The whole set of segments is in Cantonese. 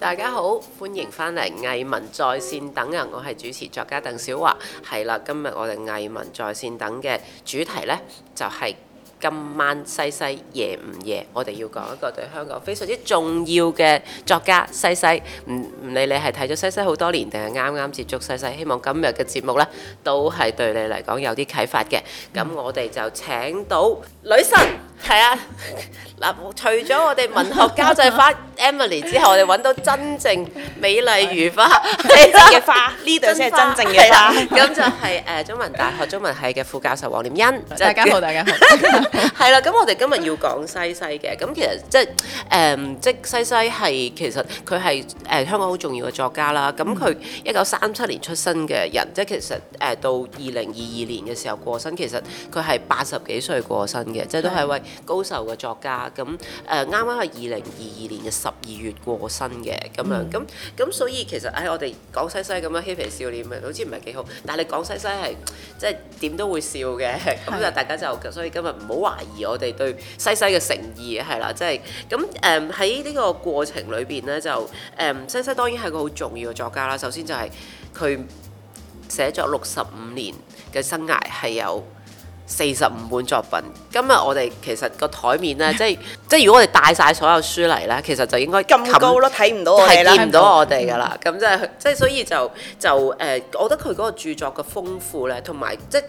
大家好，歡迎返嚟《藝文在線等》人我係主持作家鄧小樺，係啦，今日我哋《藝文在線等》嘅主題呢，就係、是。今晚西西夜唔夜，我哋要講一個對香港非常之重要嘅作家西西。唔，唔理你係睇咗西西好多年，定係啱啱接觸西西，希望今日嘅節目呢都係對你嚟講有啲啟發嘅。咁我哋就請到女神。係啊！嗱， 除咗我哋文學交際花 Emily 之後，我哋揾到真正美麗如花呢啲嘅花，呢度先係真正嘅花。咁、 啊、就係誒中文大學中文系嘅副教授黃念欣。 大家好，大家好。係啦、 啊，咁我哋今日要講西西嘅。咁其實即係誒，即西西係其實佢係誒香港好重要嘅作家啦。咁佢一九三七年出生嘅人，即係其實誒到二零二二年嘅時候過身，其實佢係八十幾歲過身嘅，即係都係為。高手嘅作家，咁誒啱啱係二零二二年嘅十二月過身嘅，咁樣咁咁、嗯，所以其實喺、哎、我哋講西西咁樣嬉皮笑臉，唔好似唔係幾好，但係你講西西係即係點都會笑嘅，咁就的大家就所以今日唔好懷疑我哋對西西嘅誠意係啦，即係咁誒喺呢個過程裏邊咧就誒、嗯、西西當然係個好重要嘅作家啦，首先就係佢寫作六十五年嘅生涯係有。四十五本作品，今日我哋其實個台面咧，即係即係如果我哋帶晒所有書嚟咧，其實就應該咁高咯、啊，睇唔到我哋見唔到我哋噶啦，咁、嗯嗯、即係即係所以就就誒、呃，我覺得佢嗰個著作嘅豐富咧，同埋即係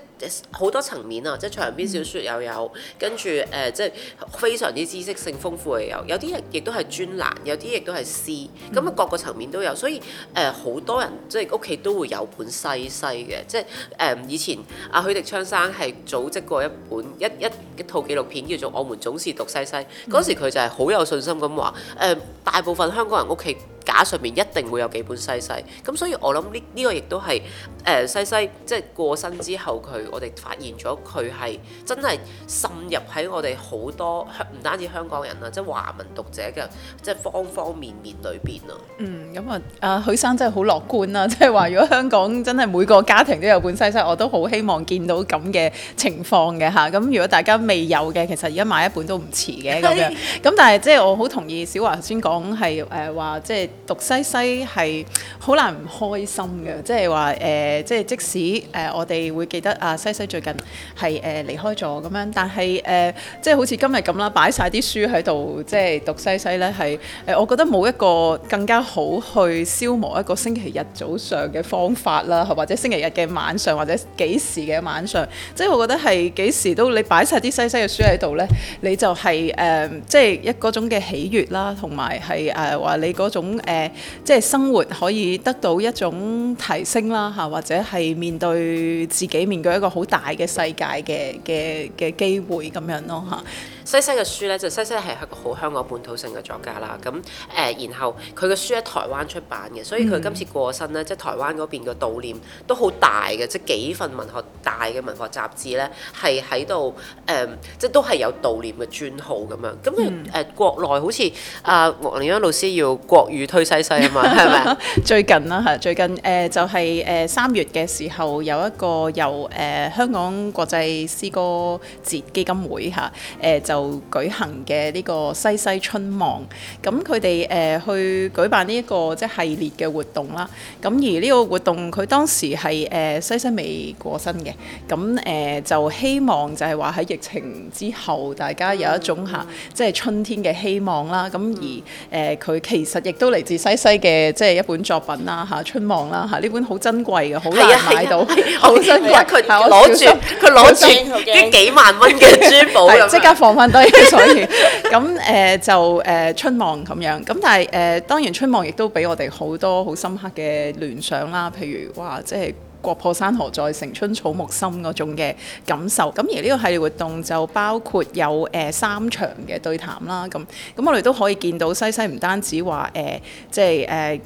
好多層面啊，即係長篇小説又有，跟住誒即係非常之知識性豐富嘅有，有啲亦都係專欄，有啲亦都係詩，咁、嗯、啊、嗯、各個層面都有，所以誒好、呃、多人即係屋企都會有本西西嘅，即係誒、呃、以前阿許迪昌生係早。即過一本一一一套紀錄片叫做《我們總是讀西西》，嗰、嗯、時佢就係好有信心咁話：誒、呃，大部分香港人屋企架上面一定會有幾本西西，咁所以我諗呢呢個亦都係誒西西，即係過身之後佢，我哋發現咗佢係真係滲入喺我哋好多唔單止香港人啊，即係華文讀者嘅即係方方面面裏邊啊。嗯，咁啊，啊許生真係好樂觀啦，即係話如果香港真係每個家庭都有本西西，我都好希望見到咁嘅情況嘅吓，咁如果大家未有嘅，其實而家買一本都唔遲嘅咁樣。咁但係即係我好同意小樺先講係誒話即係。讀西西係好難唔開心嘅，即係話誒，即係即使誒、呃，我哋會記得啊西西最近係誒離開咗咁樣，但係誒、呃，即係好似今日咁啦，擺晒啲書喺度，即係讀西西咧，係誒、呃，我覺得冇一個更加好去消磨一個星期日早上嘅方法啦，或者星期日嘅晚上或者幾時嘅晚上，即係我覺得係幾時都你擺晒啲西西嘅書喺度咧，你就係、是、誒、呃，即係一嗰種嘅喜悅啦，同埋係誒話你嗰種。誒、呃，即係生活可以得到一種提升啦，吓，或者係面對自己面對一個好大嘅世界嘅嘅嘅機會咁樣咯，吓。西西嘅書咧，就是、西西係一個好香港本土性嘅作家啦。咁誒、呃，然後佢嘅書喺台灣出版嘅，所以佢今次過身咧，嗯、即係台灣嗰邊嘅悼念都好大嘅，即係幾份文學大嘅文學雜誌咧，係喺度誒，即係都係有悼念嘅專號咁樣。咁誒誒，國內好似阿王玲安老師要國語推西西啊嘛，係咪 最近啦嚇，最近誒就係誒三月嘅時候有一個由誒香港國際詩歌節基金會嚇誒。呃就舉行嘅呢個西西春望，咁佢哋誒去舉辦呢、這、一個即係系列嘅活動啦。咁而呢個活動，佢當時係誒、呃、西西未過身嘅，咁、嗯、誒、呃、就希望就係話喺疫情之後大家有一種吓、嗯、即係春天嘅希望啦。咁、嗯、而誒佢、呃、其實亦都嚟自西西嘅即係一本作品啦嚇、啊，春望啦嚇呢本好珍貴嘅，好難買到，好珍貴。佢攞住佢攞住啲幾萬蚊嘅珠寶，即 刻放。 所以咁、 呃、就誒、呃、春望咁樣。咁但係誒、呃、當然春望亦都俾我哋好多好深刻嘅聯想啦，譬如話即係。國破山河在，城春草木深嗰種嘅感受。咁而呢個系列活動就包括有誒、呃、三場嘅對談啦。咁咁我哋都可以見到西西唔單止話誒，即係誒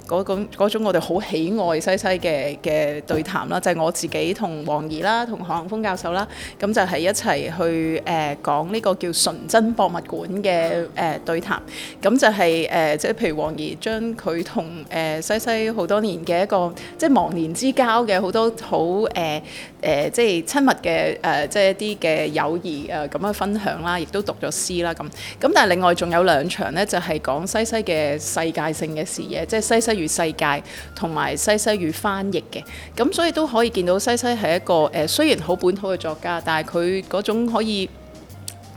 嗰種我哋好喜愛西西嘅嘅對談啦。就係、是、我自己同黃怡啦，同何杏楓教授啦，咁、啊、就係、是、一齊去誒、啊、講呢個叫純真博物館嘅誒、啊、對談。咁、啊、就係、是、誒，即、啊、係、就是、譬如黃怡將佢同誒西西好多年嘅一個即係忘年之交嘅好多。都好誒誒，即係親密嘅誒、呃，即係一啲嘅友誼誒，咁、呃、樣分享啦，亦都讀咗詩啦咁。咁但係另外仲有兩場呢，就係、是、講西西嘅世界性嘅視野，即係西西與世界同埋西西與翻譯嘅。咁所以都可以見到西西係一個誒、呃，雖然好本土嘅作家，但係佢嗰種可以。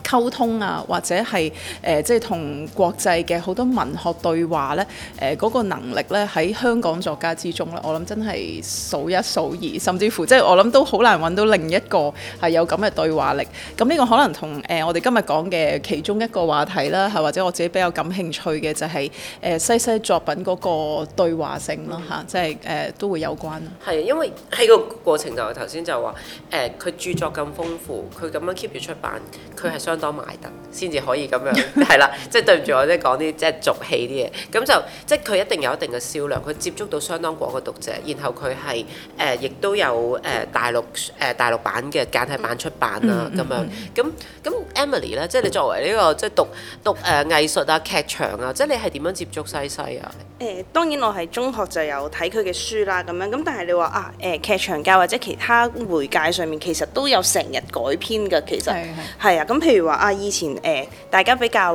溝通啊，或者係誒、呃、即係同國際嘅好多文學對話咧，誒、呃、嗰、那個能力咧喺香港作家之中咧，我諗真係數一數二，甚至乎即係我諗都好難揾到另一個係有咁嘅對話力。咁呢個可能同誒、呃、我哋今日講嘅其中一個話題啦，係或者我自己比較感興趣嘅就係、是、誒、呃、西西作品嗰個對話性咯吓、嗯啊，即係誒、呃、都會有關。係因為喺個過程就頭先就話誒佢著作咁豐富，佢咁樣 keep 住出版，佢係想。當賣得先至可以咁樣係啦、就是，即係對唔住我，即係講啲即係俗氣啲嘢。咁就即係佢一定有一定嘅銷量，佢接觸到相當廣嘅讀者，然後佢係誒亦都有誒、呃、大陸誒、呃、大陸版嘅簡體版出版啦、啊、咁樣。咁咁 Emily 咧，即係你作為呢、這個即係讀讀誒藝術啊劇場啊，即、就、係、是、你係點樣接觸西西啊？誒當然我係中學就有睇佢嘅書啦咁樣。咁但係你話啊誒、呃、劇場界或者其他媒介上面其實都有成日改編㗎，其實係啊。咁譬如。話啊，以前誒、呃、大家比較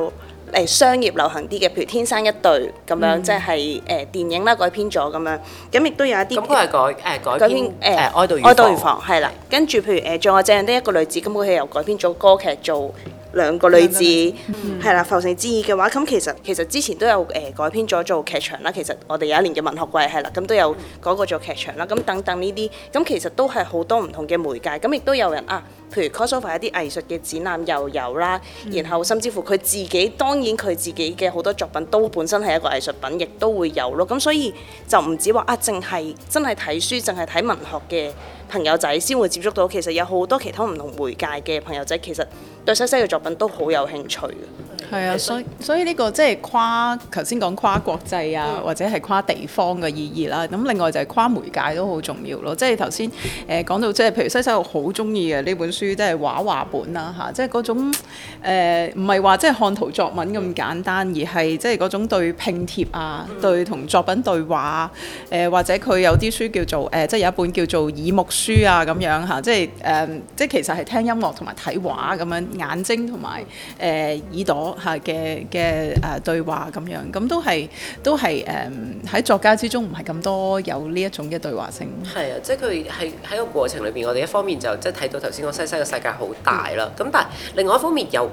誒、呃、商業流行啲嘅，譬如《天生一對》咁樣，嗯、即係誒、呃、電影啦，改編咗咁樣，咁亦都有一啲。咁佢係改誒改編誒《哀悼乳房》啦，跟住譬如誒《像我這樣的一個女子》，咁佢係又改編咗歌劇做。兩個女子係啦，嗯，《浮城誌異》嘅話，咁其實其實之前都有誒、呃、改編咗做劇場啦。其實我哋有一年嘅文學季係啦，咁都有講過做劇場啦。咁等等呢啲，咁其實都係好多唔同嘅媒介，咁亦都有人啊，譬如 cover、so、一啲藝術嘅展覽又有啦，然後甚至乎佢自己，當然佢自己嘅好多作品都本身係一個藝術品，亦都會有咯。咁所以就唔止話啊，淨係真係睇書，淨係睇文學嘅朋友仔先會接觸到。其實有好多其他唔同媒介嘅朋友仔，其實對西西嘅作都好有興趣嘅。係啊，所以所以呢個即係跨頭先講跨國際啊，或者係跨地方嘅意義啦、啊。咁另外就係跨媒介都好重要咯、啊。即係頭先誒講到即、就、係、是、譬如西西，我好中意嘅呢本書即係、就是、畫畫本啦、啊、嚇，即係嗰種唔係話即係看圖作文咁簡單，而係即係嗰種對拼貼啊，對同作品對話誒、啊呃，或者佢有啲書叫做誒，即、呃、係、就是、有一本叫做《耳目書》啊咁樣嚇、啊，即係誒即係其實係聽音樂同埋睇畫咁樣眼睛同埋誒耳朵。下嘅嘅誒對話咁樣，咁都係都係誒喺作家之中唔係咁多有呢一種嘅對話性。係啊，即係佢喺喺個過程裏邊，我哋一方面就即係睇到頭先講西西嘅世界好大啦。咁、嗯、但係另外一方面又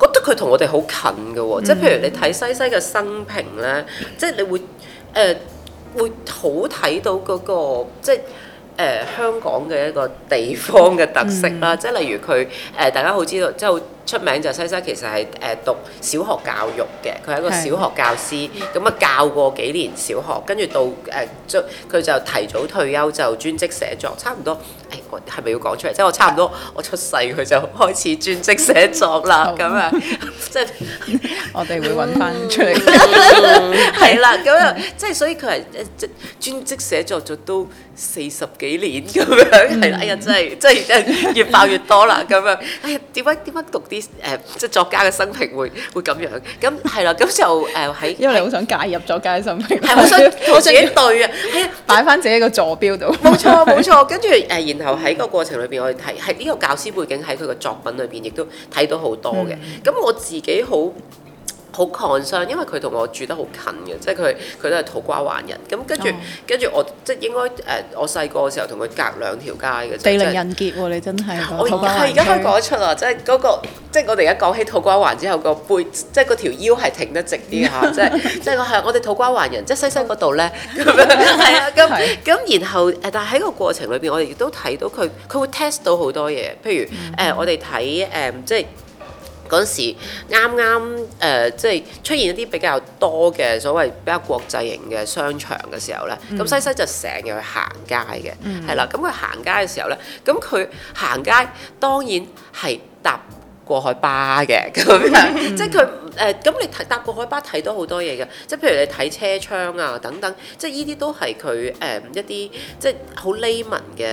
覺得佢同我哋好近嘅喎、啊。嗯、即係譬如你睇西西嘅生平咧，即係你會誒、呃、會好睇到嗰、嗰個即係、呃、誒香港嘅一個地方嘅特色啦、嗯嗯呃。即係例如佢誒大家好知道即係。出名就西西，其實係誒讀小學教育嘅，佢係一個小學教師，咁啊教過幾年小學，跟住到誒，就佢就提早退休，就專職寫作，差唔多誒，我係咪要講出嚟？即係我差唔多我出世佢就開始專職寫作啦，咁樣，即係我哋會揾翻出嚟，係啦，咁樣，即係所以佢係誒即專職寫作咗都四十幾年咁樣，係啦，哎呀真係真係越爆越多啦，咁樣，哎呀點解點解讀啲？誒，即作家嘅生平會會咁樣，咁係啦，咁就誒喺、呃、因為你好想介入作家嘅生平，係好的 想自己對啊，擺返自己個座標度，冇錯冇錯。跟住誒，然後喺個過程裏邊，我哋睇喺呢個教師背景喺佢嘅作品裏邊，亦都睇到好多嘅。咁我自己好。好 concern 因為佢同我住得好近嘅，即係佢佢都係土瓜灣人，咁跟住跟住我，即係應該誒、呃，我細個嘅時候同佢隔兩條街嘅。地靈人傑喎，你真係我而家可以講得出啊！即係嗰、那個，即係我哋而家講起土瓜灣之後，個背即係嗰條腰係挺得直啲嚇、 啊，即係即係我係我哋土瓜灣人，即係西西嗰度咧，係 啊，咁咁 然後誒，但係喺個過程裏邊，我哋亦都睇到佢，佢會 test 到好多嘢，譬如誒，呃 mm hmm. 我哋睇誒，即係。嗰陣時啱啱誒，即係出現一啲比較多嘅所謂比較國際型嘅商場嘅時候咧，咁、嗯、西西就成日去行街嘅，係啦、嗯。咁佢行街嘅時候咧，咁佢行街當然係搭過海巴嘅咁樣，即係佢。誒咁、呃、你睇搭過海巴睇到好多嘢嘅，即係譬如你睇車窗啊等等，即係呢啲都係佢誒一啲即係好 layman 嘅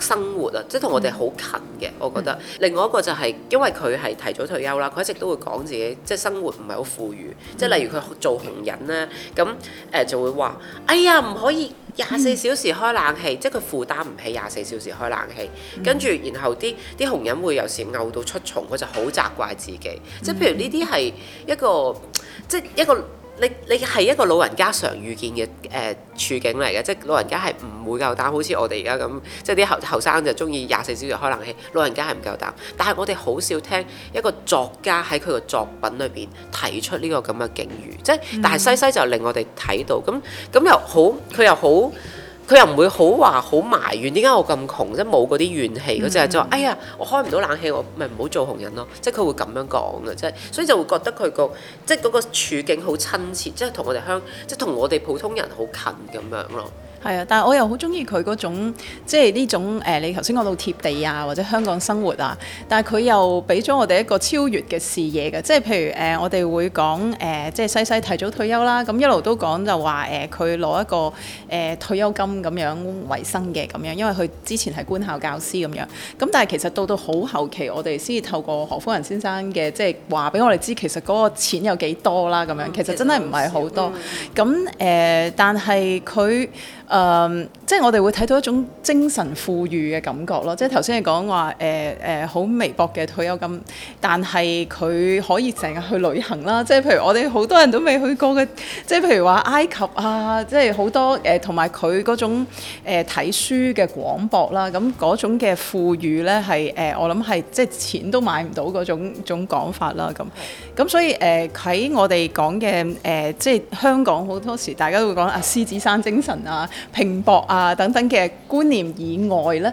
生活啊，即係同我哋好近嘅，我覺得。嗯、另外一個就係、是、因為佢係提早退休啦，佢一直都會講自己即係生活唔係好富裕，即係例如佢做紅人咧，咁誒、呃、就會話：哎呀唔可以。廿四小時開冷氣，即係佢負擔唔起廿四小時開冷氣，嗯、跟住然後啲啲熊人會有時嘔到出蟲，佢就好責怪自己，嗯、即係譬如呢啲係一個即係一個。你你係一個老人家常遇見嘅，誒、呃、處境嚟嘅，即係老人家係唔會夠膽，好似我哋而家咁，即係啲後後生就鍾意廿四小時開冷氣，老人家係唔夠膽。但係我哋好少聽一個作家喺佢嘅作品裏邊提出呢個咁嘅境遇，即係、嗯、但係西西就令我哋睇到，咁咁又好，佢又好。佢又唔會好話好埋怨點解我咁窮，即係冇嗰啲怨氣，佢、嗯、就係就話：哎呀，我開唔到冷氣，我咪唔好做紅人咯。即係佢會咁樣講嘅，即係所以就會覺得佢個即係嗰個處境好親切，即係同我哋鄉，即係同我哋普通人好近咁樣咯。係啊，但係我又好中意佢嗰種即係呢種誒、呃，你頭先講到貼地啊，或者香港生活啊，但係佢又俾咗我哋一個超越嘅視野嘅，即係譬如誒、呃，我哋會講誒、呃，即係西西提早退休啦，咁一路都講就話誒，佢、呃、攞一個誒、呃、退休金咁樣為生嘅咁樣，因為佢之前係官校教師咁樣。咁但係其實到到好後期，我哋先至透過何福仁先生嘅即係話俾我哋知，其實嗰個錢有幾多啦咁樣，其實真係唔係好多。咁誒、呃，但係佢。誒，即係我哋會睇到一種精神富裕嘅感覺咯。即係頭先你講話誒誒好微薄嘅退休金，但係佢可以成日去旅行啦。即係譬如我哋好多人都未去過嘅，即係譬如話埃及啊，即係好多誒，同埋佢嗰種睇書嘅廣博啦。咁嗰種嘅富裕呢，係誒我諗係即係錢都買唔到嗰種種講法啦。咁咁所以誒喺我哋講嘅誒，即係香港好多時大家都會講啊，獅子山精神啊。拼搏啊等等嘅觀念以外咧，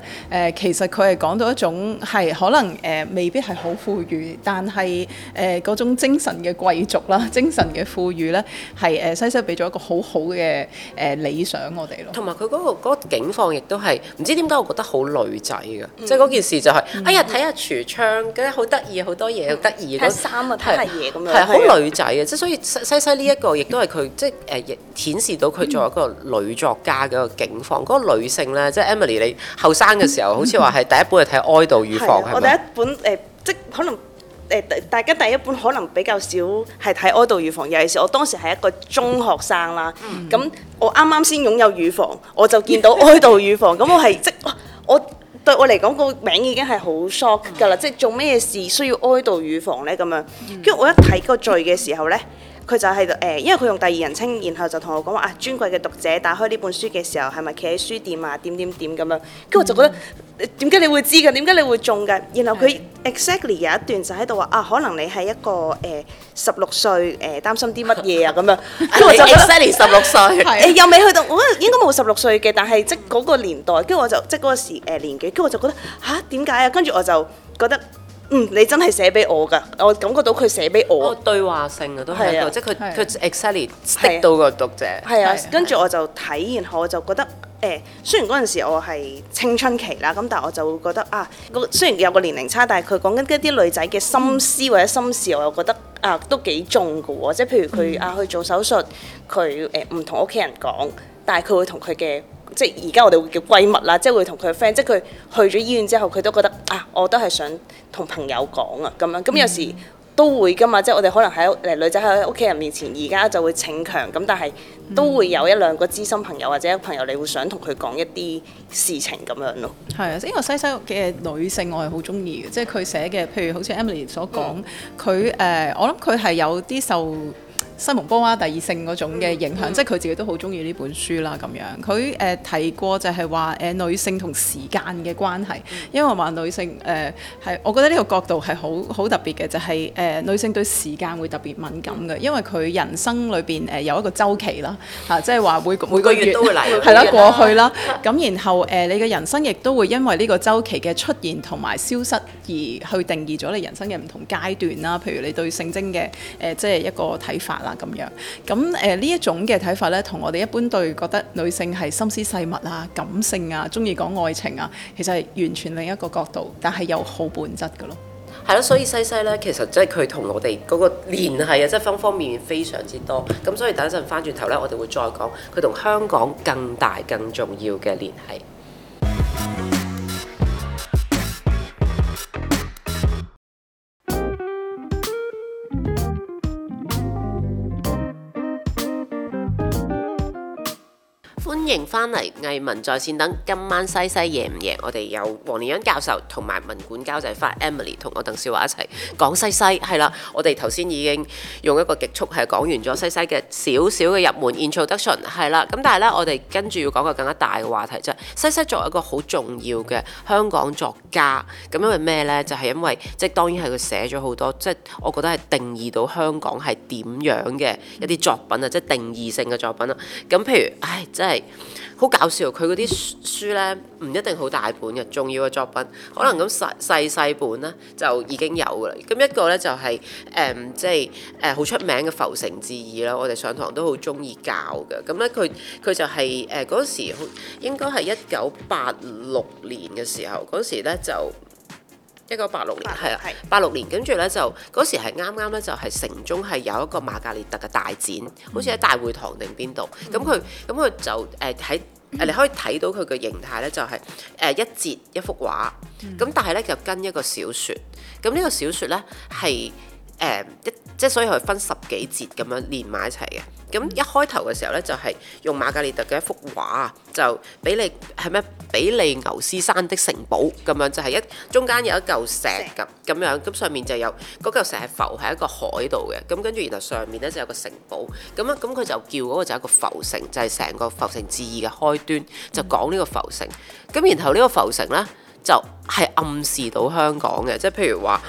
誒其實佢係講到一種係可能誒未必係好富裕，但係誒嗰種精神嘅貴族啦，精神嘅富裕咧，係誒西西俾咗一個好好嘅誒理想我哋咯。同埋佢嗰個嗰個景況亦都係唔知點解我覺得好女仔嘅，即係嗰件事就係哎呀睇下櫥窗覺得好得意，好多嘢好得意嘅衫啊，睇下嘢咁樣係好女仔嘅，即係所以西西呢一個亦都係佢即係亦顯示到佢作為一個女作家，家嘅警方，嗰個女性咧，即係 Emily，你後生嘅時候，好似話係第一本係睇哀悼乳房係咪？我第一本誒，即係可能誒，大家第一本可能比較少係睇哀悼乳房，尤其是我當時係一個中學生啦。咁我啱啱先擁有乳房，我就見到哀悼乳房，咁我係即係我對我嚟講個名已經係好 shock 㗎啦，即係做咩事需要哀悼乳房咧？咁樣，跟住我一睇個罪嘅時候咧。佢就喺度誒，因為佢用第二人稱，然後就同我講話啊，尊貴嘅讀者打開呢本書嘅時候係咪企喺書店啊？點點點咁樣，跟住我就覺得點解你會知㗎？點解你會中嘅？」然後佢 exactly 有一段就喺度話啊，可能你係一個誒十六歲誒擔心啲乜嘢啊咁樣，跟住我就覺得 exactly 十六歲，誒又未去到，我覺得應該冇十六歲嘅，但係即嗰個年代，跟住我就即嗰個時誒年紀，跟住我就覺得吓？點解啊？跟住我就覺得。嗯，你真係寫俾我㗎，我感覺到佢寫俾我。哦，對話性嘅都係，啊、即係佢佢 excited 到個讀者。係啊，啊啊跟住我就睇。然後，我就覺得誒、欸，雖然嗰陣時我係青春期啦，咁但係我就會覺得啊，個雖然有個年齡差，但係佢講緊一啲女仔嘅心思、嗯、或者心事，我又覺得啊都幾重㗎喎，即係譬如佢、嗯、啊去做手術，佢誒唔同屋企人講，但係佢會同佢嘅。即係而家我哋會叫閨蜜啦，即係會同佢嘅 friend，即係佢去咗醫院之後，佢都覺得啊，我都係想同朋友講啊，咁樣咁有時都會噶嘛，即係我哋可能喺誒女仔喺屋企人面前，而家就會逞強咁，但係都會有一兩個知心朋友或者一朋友，你會想同佢講一啲事情咁樣咯。係啊，因為西西嘅女性我係好中意嘅，即係佢寫嘅，譬如好似 Emily 所講，佢誒、嗯呃、我諗佢係有啲受，西蒙波娃第二性嗰種嘅影響，mm. 即係佢自己都好中意呢本書啦咁樣。佢誒、呃、提過就係話誒女性同時間嘅關係，因為話女性誒係、呃，我覺得呢個角度係好好特別嘅，就係、是、誒、呃、女性對時間會特別敏感嘅，因為佢人生裏邊誒有一個周期啦嚇、啊，即係話會每個每個月都會嚟，係啦、 啊、過去啦。咁 然後誒、呃、你嘅人生亦都會因為呢個周期嘅出現同埋消失而去定義咗你人生嘅唔同階段啦。譬如你對性徵嘅誒即係一個睇法。咁樣，咁誒呢一種嘅睇法呢，同我哋一般對覺得女性係心思細密啊、感性啊、中意講愛情啊，其實係完全另一個角度，但係有好本質嘅咯。係咯，所以西西呢，其實即係佢同我哋嗰個聯繫啊，即係方方面面非常之多。咁所以等一陣翻轉頭呢，我哋會再講佢同香港更大、更重要嘅聯繫。翻嚟，藝文在線等，今晚西西夜唔夜？我哋有黃念欣教授同埋文管交際花 Emily 同我鄧小樺一齊講西西係啦。我哋頭先已經用一個極速係講完咗西西嘅少少嘅入門 introduction 係啦。咁但係呢，我哋跟住要講個更加大嘅話題，就係西西作為一個好重要嘅香港作家，咁因為咩呢？就係因為即係當然係佢寫咗好多，即係我覺得係定義到香港係點樣嘅一啲作品啊，即係定義性嘅作品啦。咁譬如唉，真係～好搞笑，佢嗰啲書咧唔一定好大本嘅，重要嘅作品可能咁細細細本啦，就已經有噶啦。咁一個咧就係、是、誒，即係誒好出名嘅《浮城誌異》啦，我哋上堂都好中意教嘅。咁咧佢佢就係誒嗰時應該係一九八六年嘅時候，嗰時咧就。一九八六年，係啊 86,，八六年，跟住咧就嗰時係啱啱咧就係、是、城中係有一個馬格列特嘅大展，嗯、好似喺大會堂定邊度，咁佢咁佢就誒喺誒你可以睇到佢嘅形態咧就係、是、誒一節一幅畫，咁、嗯、但係咧就跟一個小説，咁呢個小説咧係誒一。即係所以佢分十幾節咁樣連埋一齊嘅，咁一開頭嘅時候呢，就係用馬格列特嘅一幅畫，就俾你係咩？俾你比利牛斯山的城堡咁樣，就係一中間有一嚿石咁咁樣，咁上面就有嗰嚿石係浮喺一個海度嘅，咁跟住然後上面呢就有個城堡，咁啦，咁佢就叫嗰個就一個浮城，就係成個浮城誌異嘅開端，就講呢個浮城，咁然後呢個浮城呢，就係暗示到香港嘅，即係譬如話。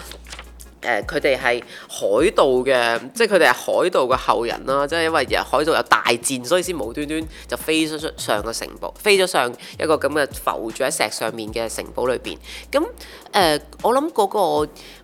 誒，佢哋係海盜嘅，即係佢哋係海盜嘅後人啦。即係因為海盜有大戰，所以先無端端就飛咗出上個城堡，飛咗上一個咁嘅浮住喺石上面嘅城堡裏邊。咁誒、呃，我諗嗰個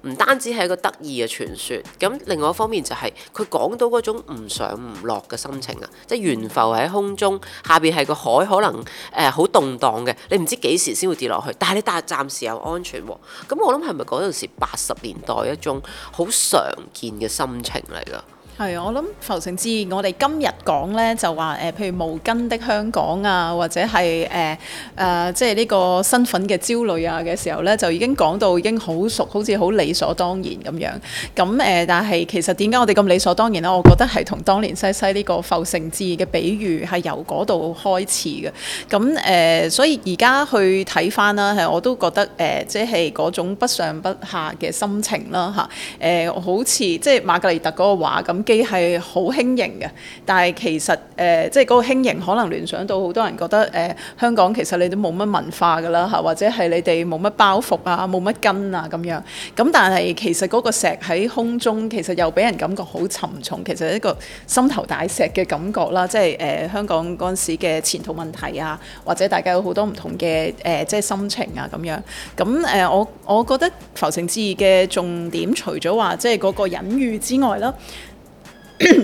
唔單止係一個得意嘅傳說，咁另外一方面就係佢講到嗰種唔上唔落嘅心情啊，即係懸浮喺空中，下邊係個海，可能誒好、呃、動盪嘅，你唔知幾時先會跌落去，但係你但係暫時又安全喎。咁我諗係咪嗰陣時八十年代一種好常見嘅心情嚟㗎？係，我諗浮城誌，我哋今日講呢，就話誒、呃，譬如無根的香港啊，或者係誒誒，即係呢個身份嘅焦慮啊嘅時候呢，就已經講到已經好熟，好似好理所當然咁樣。咁、嗯、誒、呃，但係其實點解我哋咁理所當然呢？我覺得係同當年西西呢個浮城誌嘅比喻係由嗰度開始嘅。咁、嗯、誒、呃，所以而家去睇返啦，我都覺得誒、呃，即係嗰種不上不下嘅心情啦，嚇、啊、誒、呃，好似即係馬格麗特嗰個畫咁。係好輕盈嘅，但係其實誒，即係嗰個輕盈可能聯想到好多人覺得誒、呃，香港其實你都冇乜文化噶啦，嚇，或者係你哋冇乜包袱啊，冇乜根啊咁樣。咁但係其實嗰個石喺空中，其實又俾人感覺好沉重，其實一個心頭大石嘅感覺啦，即係誒、呃、香港嗰陣時嘅前途問題啊，或者大家有好多唔同嘅誒、呃，即係心情啊咁樣。咁誒、呃，我我覺得《浮城誌異》嘅重點除咗話即係嗰個隱喻之外啦。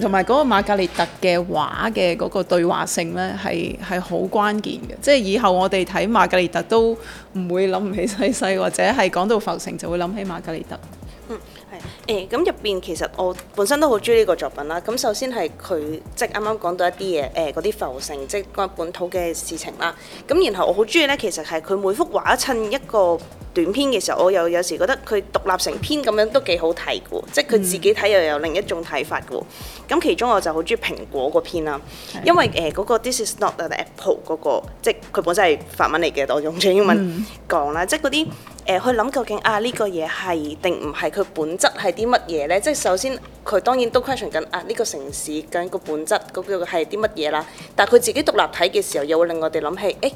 同埋嗰個馬格列特嘅畫嘅嗰個對話性呢，係係好關鍵嘅。即係以後我哋睇馬格列特都唔會諗唔起西西，或者係講到浮城就會諗起馬格列特。嗯，係誒。咁入邊其實我本身都好中意呢個作品啦。咁首先係佢即係啱啱講到一啲嘢，誒嗰啲浮城即係嗰本土嘅事情啦。咁然後我好中意呢，其實係佢每幅畫襯一個。短篇嘅時候，我又有時覺得佢獨立成篇咁樣都幾好睇喎，即係佢自己睇又有另一種睇法嘅喎。咁、嗯、其中我就好中意蘋果個篇啦，嗯、因為誒嗰、呃嗰個 This is not an apple 嗰、嗰個，即係佢本身係法文嚟嘅，我用咗英文講啦。嗯、即係嗰啲誒去諗究竟啊呢、呢個嘢係定唔係佢本質係啲乜嘢呢？即係首先佢當然都 question 緊啊呢、呢個城市緊個本質嗰個係啲乜嘢啦。但係佢自己獨立睇嘅時候，又會令我哋諗起誒。欸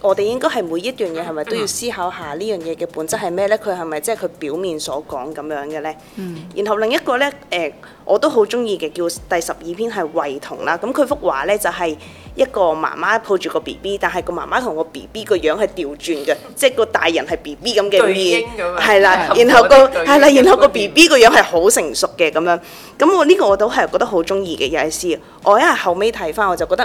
我哋應該係每一樣嘢係咪都要思考下呢樣嘢嘅本質係咩咧？佢係咪即係佢表面所講咁樣嘅咧？嗯、然後另一個咧，誒、呃，我都好中意嘅叫第十二篇係慧童啦。咁佢、啊、幅畫咧就係、是、一個媽媽抱住個 B B，但係個媽媽同個 B B 個樣係調轉嘅， 即係個大人係 B B 咁嘅樣，係啦。然後、那個係啦英，然後個 B B 個樣係好成熟嘅咁樣。咁我呢個我都係覺得好中意嘅，又係是我。我因為後尾睇翻我就覺得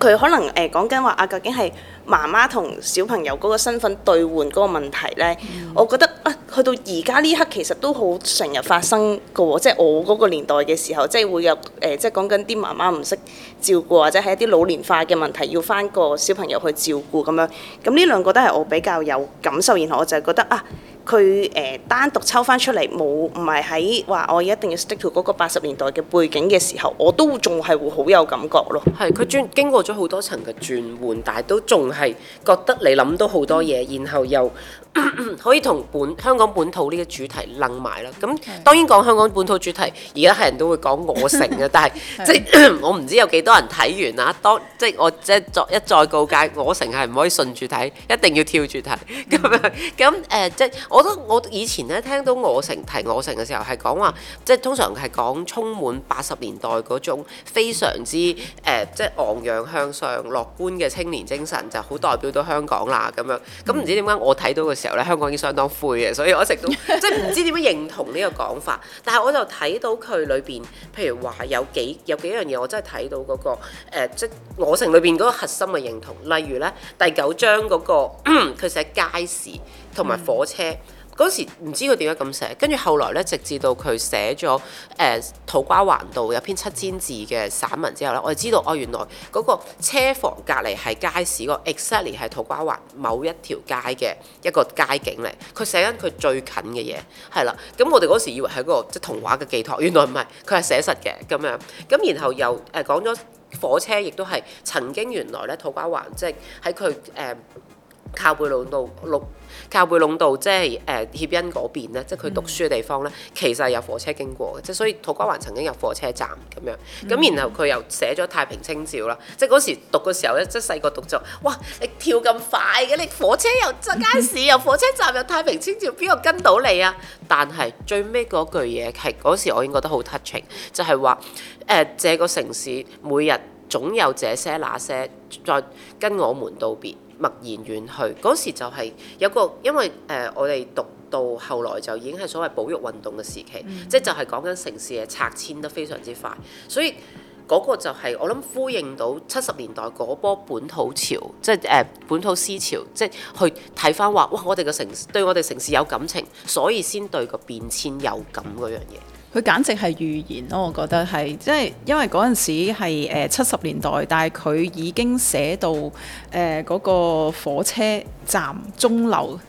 佢可能誒講緊話啊，究竟係。啊媽媽同小朋友嗰個身份對換嗰個問題咧，嗯、我覺得啊，去到而家呢刻其實都好成日發生個，即係我嗰個年代嘅時候，即係會有誒、呃、即係講緊啲媽媽唔識照顧或者係一啲老年化嘅問題要翻個小朋友去照顧咁樣，咁、嗯、呢兩個都係我比較有感受，然後我就係覺得啊，佢誒、呃、單獨抽翻出嚟冇唔係，喺話我一定要 stick to 嗰個八十年代嘅背景嘅時候，我都仲係會好有感覺咯。係佢轉經過咗好多層嘅轉換，但係都仲係。係覺得你諗到好多嘢，然後又。 可以同本香港本土呢個主題楞埋啦，咁 Okay. 當然講香港本土主題，而家係人都會講我城嘅，但係即係 我唔知有幾多人睇完啦，當即我即作一再告誡，我城係唔可以順住睇，一定要跳住睇咁樣，咁誒、呃、即係我覺得我以前咧聽到我城提我城嘅時候係講話，即係通常係講充滿八十年代嗰種非常之誒、呃、即係昂揚向上、樂觀嘅青年精神，就好代表到香港啦咁樣，咁唔知點解我睇到嘅時候咧，香港已經相當灰嘅，所以我一直都即係唔知點樣認同呢個講法。但係我就睇到佢裏邊，譬如話有幾有幾樣嘢，我真係睇到嗰、嗰個、呃、即我城裏邊嗰個核心嘅認同。例如咧，第九章嗰、嗰個佢 寫街市同埋火車。嗯嗰時唔知佢點解咁寫，跟住後來咧，直至到佢寫咗誒土瓜環灣道有篇七千字嘅散文之後咧，我哋知道哦，原來嗰個車房隔離係街市、嗰個 exactly 係土瓜灣某一條街嘅一個街景嚟。佢寫緊佢最近嘅嘢，係啦。咁我哋嗰時以為係嗰個即係童話嘅寄託，原來唔係，佢係寫實嘅咁樣。咁然後又誒講咗火車，亦都係曾經原來咧土瓜灣即係喺佢誒。就是靠背龍道，龍靠背龍道即係，誒、呃，協恩嗰邊咧，即係佢讀書嘅地方咧，其實有火車經過嘅，即係所以土瓜灣曾經有火車站咁樣，咁然後佢又寫咗《太平清照》啦，即係嗰時讀嘅時候咧，即係細個讀就哇，你跳咁快嘅，你火車又即街市又火車站又太平清照，邊個跟到你啊？但係最尾嗰句嘢係嗰時我已經覺得好 touching，就係話，誒、呃，這個城市每日總有這些那些再跟我們道別。默然遠去，嗰時就係有個，因為誒、呃、我哋讀到後來就已經係所謂保育運動嘅時期，嗯、即係就係講緊城市嘅拆遷得非常之快，所以嗰個就係、是、我諗呼應到七十年代嗰波本土潮，即係誒本土思潮，即、就、係、是、去睇翻話，哇！我哋嘅城市對我哋城市有感情，所以先對個變遷有感嗰樣嘢。佢簡直係預言咯，我覺得係，即係因為嗰陣時係誒七十年代，但係佢已經寫到誒嗰、呃嗰個火車站鐘樓。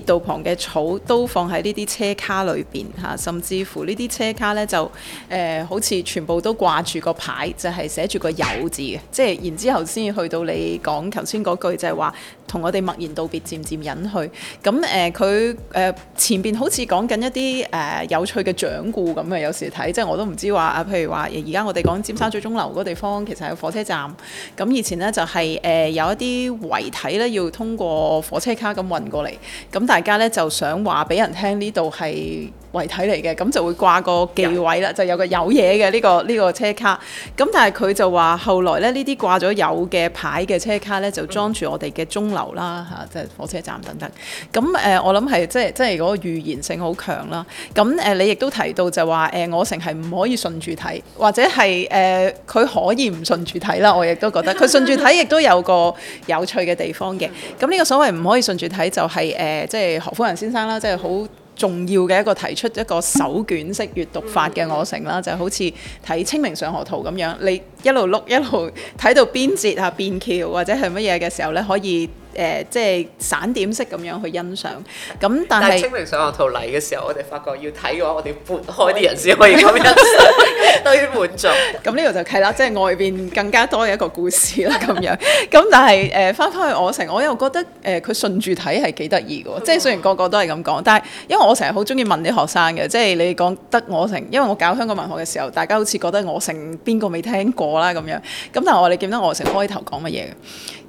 鐵道旁嘅草都放喺呢啲車卡裏邊嚇，甚至乎呢啲車卡呢就誒、呃、好似全部都掛住個牌，就係、是、寫住個有字嘅，即係然之後先去到你講頭先嗰句就係話同我哋默然道別，漸漸隱去。咁誒佢誒前邊好似講緊一啲誒、呃、有趣嘅掌故咁嘅，有時睇即係我都唔知話啊，譬如話而家我哋講尖沙咀鐘樓嗰地方其實有火車站，咁以前呢，就係、是、誒、呃、有一啲遺體呢，要通過火車卡咁運過嚟咁。咁大家咧就想話俾人聽呢度係。遺體嚟嘅，咁就會掛個忌位啦，有就有個有嘢嘅呢個呢、這個車卡。咁但係佢就話，後來咧呢啲掛咗有嘅牌嘅車卡咧，就裝住我哋嘅鐘樓啦，嚇、啊，即、就、係、是、火車站等等。咁誒、呃，我諗係即係即係嗰個預言性好強啦。咁誒、呃，你亦都提到就話誒、呃，我成係唔可以順住睇，或者係誒佢可以唔順住睇啦。我亦都覺得佢順住睇亦都有個有趣嘅地方嘅。咁呢個所謂唔可以順住睇就係、是、誒、呃，即係何夫人先生啦，即係好。 重要嘅一個提出一個手卷式閱讀法嘅我城啦，就是、好似睇《清明上河圖》咁樣。你。一路碌一路睇到邊節啊，邊橋或者係乜嘢嘅時候咧，可以誒、呃、即係散點式咁樣去欣賞。咁、嗯、但係清是明上河圖嚟嘅時候，我哋發覺要睇嘅話，我哋撥開啲人先可以咁欣賞，堆 滿座。咁呢度就係、是、啦，即係外邊更加多嘅一個故事啦咁樣。咁、嗯、但係誒翻返去我城，我又覺得誒佢、呃、順住睇係幾得意嘅喎。 即係雖然個個都係咁講，但係因為我成日好中意問啲學生嘅，即係你講得我城，因為我搞香港文學嘅時候，大家好似覺得我城邊個未聽過？啦咁樣，咁、嗯、但係我話你見到我城開頭講乜嘢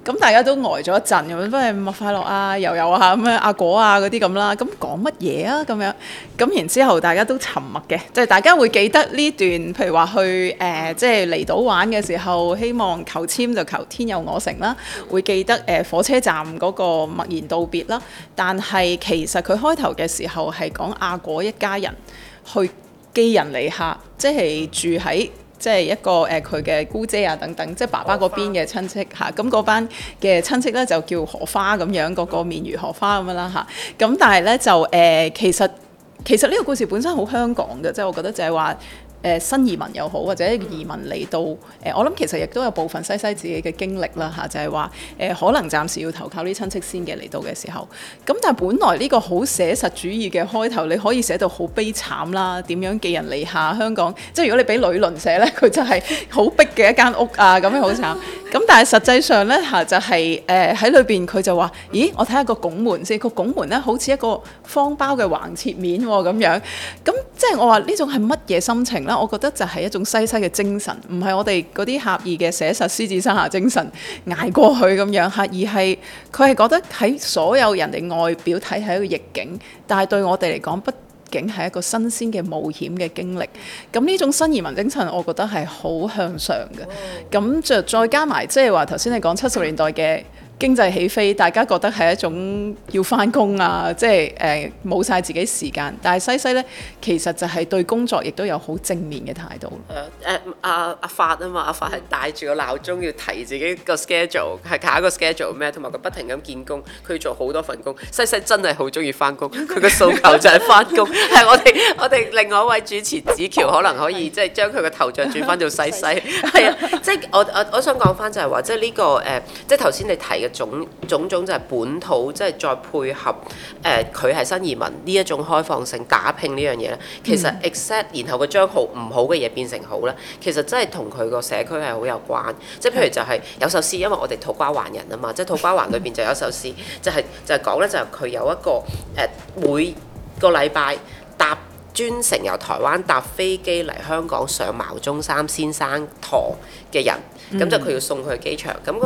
咁大家都呆咗一陣咁樣，乜快樂啊，又有啊咁、啊啊、樣，阿、嗯、果啊嗰啲咁啦，咁講乜嘢啊咁樣？咁、嗯、然之後大家都沉默嘅，即、就、係、是、大家會記得呢段，譬如話去誒，即、呃、係、就是、離島玩嘅時候，希望求簽就求天佑我城啦，會記得誒、呃、火車站嗰個默然道別啦。但係其實佢開頭嘅時候係講阿果一家人去寄人籬下，即、就、係、是、住喺，即係一個誒，佢、呃、嘅姑姐啊等等，即係爸爸嗰邊嘅親戚嚇，咁嗰荷花、啊、班嘅親戚咧就叫荷花咁樣，咁個個面如荷花咁樣啦嚇，咁、啊、但係咧就誒、呃，其實其實呢個故事本身好香港嘅，即係我覺得就係話。誒新移民又好，或者移民嚟到誒、呃，我諗其實亦都有部分西西自己嘅經歷啦嚇、啊，就係話誒可能暫時要投靠啲親戚先嘅嚟到嘅時候。咁、嗯、但係本來呢個好寫實主義嘅開頭，你可以寫到好悲慘啦，點樣寄人籬下香港？即係如果你俾理論寫呢，佢就係好逼嘅一間屋啊，咁樣好慘。咁、嗯、但係實際上呢，嚇、啊，就係誒喺裏邊佢就話：咦，我睇下個拱門先，這個拱門呢，好似一個方包嘅橫切面喎、哦，咁樣。咁、嗯、即係我話呢種係乜嘢心情啦？我覺得就係一種西西嘅精神，唔係我哋嗰啲狹義嘅寫實獅子山下精神捱過去咁樣吓，而係佢係覺得喺所有人哋外表睇係一個逆境，但係對我哋嚟講，畢竟係一個新鮮嘅冒險嘅經歷。咁呢種新移民精神，我覺得係好向上嘅。咁就再加埋，即係話頭先你講七十年代嘅。經濟起飛，大家覺得係一種要翻工啊，即係誒冇晒自己時間。但係西西呢，其實就係對工作亦都有好正面嘅態度。誒阿阿發啊嘛，阿發係帶住個鬧鐘要提自己個 schedule，係一個 schedule 咩？同埋佢不停咁見工，佢做好多份工。西西真係好中意翻工，佢嘅訴求就係翻工。係我哋我哋另外一位主持子喬，可能可以即係將佢個頭像轉翻做西西。係啊，即係我我想講翻就係話，即係呢個誒，即係頭先你睇嘅種種種就係本土，即係再配合誒，佢、呃、係新移民呢一種開放性打拼呢樣嘢咧。其實 except，然後佢將好唔好嘅嘢變成好咧，其實真係同佢個社區係好有關。即係譬如就係有首詩，因為我哋土瓜灣人啊嘛，即係土瓜灣裏邊就有首詩，就係就係講咧，就係、是、佢有一個誒、呃、每個禮拜搭專程由台灣搭飛機嚟香港上牟宗三先生堂嘅人。咁就佢要送去機場，咁嗰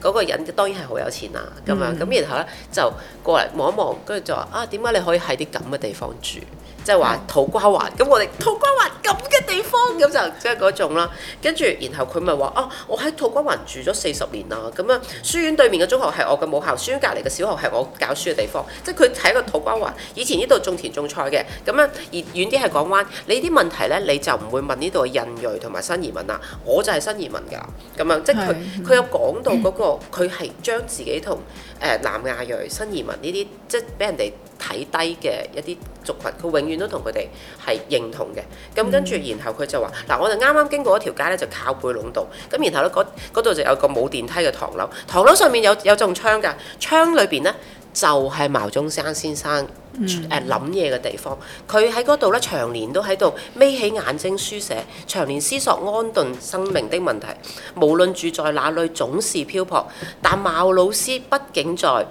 個嗰個人當然係好有錢啦，咁樣咁然後咧就過嚟望一望，跟住就話啊，點解你可以喺啲咁嘅地方住？即係話土瓜灣，咁我哋土瓜灣咁嘅地方咁就即係嗰種啦。跟住然後佢咪話啊，我喺土瓜灣住咗四十年啦。咁啊，書院對面嘅中學係我嘅母校，書院隔離嘅小學係我教書嘅地方。即係佢喺個土瓜灣，以前呢度種田種菜嘅。咁啊，而遠啲係港灣。你啲問題咧，你就唔會問呢度嘅印裔同埋新移民啦。我就係新移民㗎喇。咁樣即係佢佢有講到嗰個，佢係將自己同。誒南亞裔、新移民呢啲，即係俾人哋睇低嘅一啲族群，佢永遠都同佢哋係認同嘅。咁跟住，然後佢就話：嗱，我哋啱啱經過一條街咧，就靠背壟道。咁然後咧，嗰度就有個冇電梯嘅唐樓，唐樓上面有有種窗㗎，窗裏邊咧。就係牟宗三先生誒諗嘢嘅地方，佢喺嗰度咧長年都喺度眯起眼睛書寫，長年思索安頓生命的問題。無論住在哪裏，總是漂泊。但牟老師畢竟在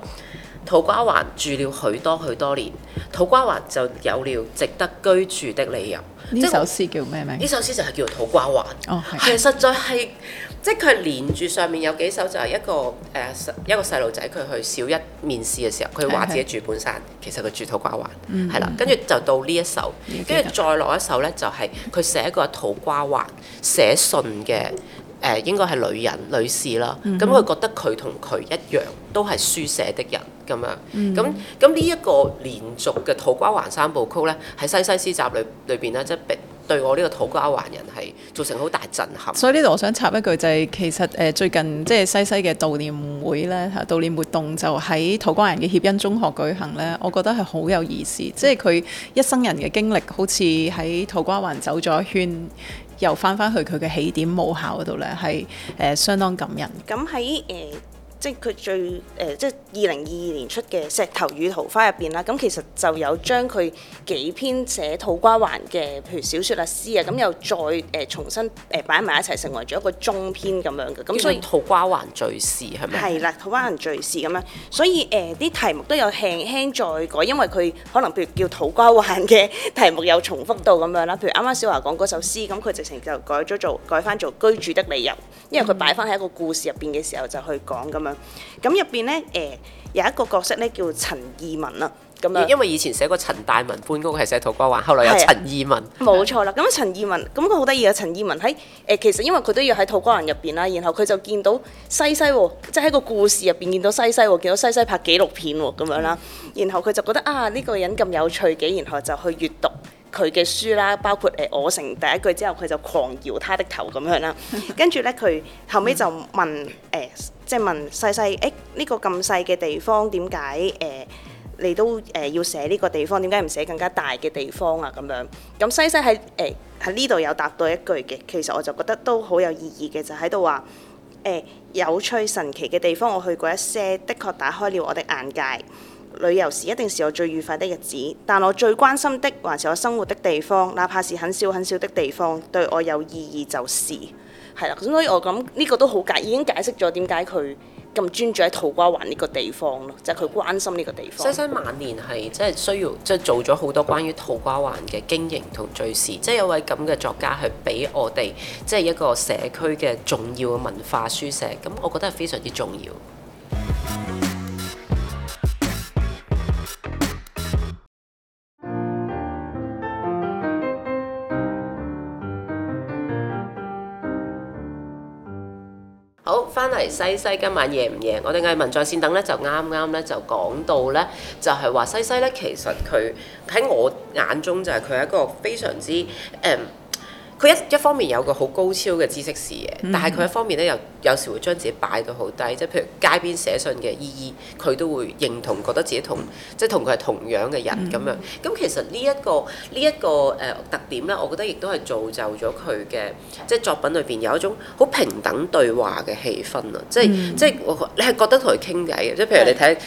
土瓜灣住了許多許多年，土瓜灣就有了值得居住的理由。呢首詩叫咩名？呢首詩就係叫《土瓜灣》。哦，係，係實，實在係。即係佢係連住上面有幾首，就係一個誒、呃，一個細路仔佢去小一面試嘅時候，佢話自己住半山，是是其實佢住土瓜灣，係啦。跟住就到呢一首，跟住、嗯、再落一首呢就係佢寫一個土瓜灣寫信嘅誒、呃，應該係女人女士啦。咁佢、嗯、覺得佢同佢一樣，都係書寫的人咁樣。咁咁呢一個連續嘅土瓜灣三部曲呢，喺西西詩集裏裏邊咧，即係。對我呢個土瓜灣人係造成好大震撼。所以呢度我想插一句就係，其實誒最近即係西西嘅悼念會咧嚇悼念活動就喺土瓜灣嘅協恩中學舉行咧，我覺得係好有意思。即係佢一生人嘅經歷，好似喺土瓜灣走咗一圈，又翻返去佢嘅起點母校嗰度咧，係誒相當感人。咁喺誒。即係佢最誒、呃，即係二零二二年出嘅《石頭與桃花》入邊啦。咁其實就有將佢幾篇寫土瓜灣嘅，譬如小説啊、詩啊，咁又再誒、呃、重新誒擺埋一齊，成為咗一個中篇咁樣嘅。咁所以土瓜灣敘事係咪？係啦，土瓜灣敘事咁樣，所以誒啲、呃、題目都有輕輕再改，因為佢可能譬如叫土瓜灣嘅題目有重複到咁樣啦。譬如啱啱小樺講嗰首詩，咁佢直情就改咗做改翻做居住的理由，因為佢擺翻喺一個故事入邊嘅時候就去講咁樣。咁入邊咧，誒、呃、有一個角色咧，叫陳義文啦，咁樣因為以前寫個陳大文搬屋係寫《土瓜灣》，後來有陳義文，冇錯啦。咁陳義文，咁佢好得意啊！陳義文喺誒，其實因為佢都要喺《土瓜灣》入邊啦，然後佢就見到西西，即係喺個故事入邊見到西西，見到西西拍紀錄片咁樣啦，然後佢就覺得啊呢、這個人咁有趣嘅，然後就去閱讀。佢嘅書啦，包括誒、呃、我成第一句之後，佢就狂搖他的頭咁樣啦。 跟住呢，佢後尾就問誒，即、呃、係、就是、問西西誒，呢個咁細嘅地方點解誒你都誒、呃、要寫呢個地方，點解唔寫更加大嘅地方啊？咁樣，咁西西喺誒喺呢度有答到一句嘅，其實我就覺得都好有意義嘅，就喺度話誒，有趣神奇嘅地方，我去過一些，的確打開了我的眼界。旅遊時一定是我最愉快的日子，但我最關心的還是我生活的地方，哪怕是很小很小的地方，對我有意義就是係啦。所以我咁呢、這個都好解，已經解釋咗點解佢咁專注喺土瓜灣呢個地方咯，就係佢關心呢個地方。就是地方西西晚年係即係需要即係、就是、做咗好多關於土瓜灣嘅經營同敘事，即、就、係、是、有位咁嘅作家去俾我哋即係一個社區嘅重要嘅文化書寫，咁我覺得係非常之重要。西西今晚夜唔夜？我哋藝文在線等咧就啱啱咧就講到咧，就係話西西咧，其實佢喺我眼中就係佢係一個非常之誒，佢、嗯、一一方面有個好高超嘅知識視野，嗯、但係佢一方面咧又。有時會將自己擺到好低，即係譬如街邊寫信嘅依依，佢都會認同，覺得自己同即係同佢係同樣嘅人咁、嗯、樣。咁其實呢、呢、一個呢一、呢個誒特點咧，我覺得亦都係造就咗佢嘅，即係作品裏邊有一種好平等對話嘅氣氛啊、嗯！即係即係你係覺得同佢傾偈嘅，即係譬如你睇呢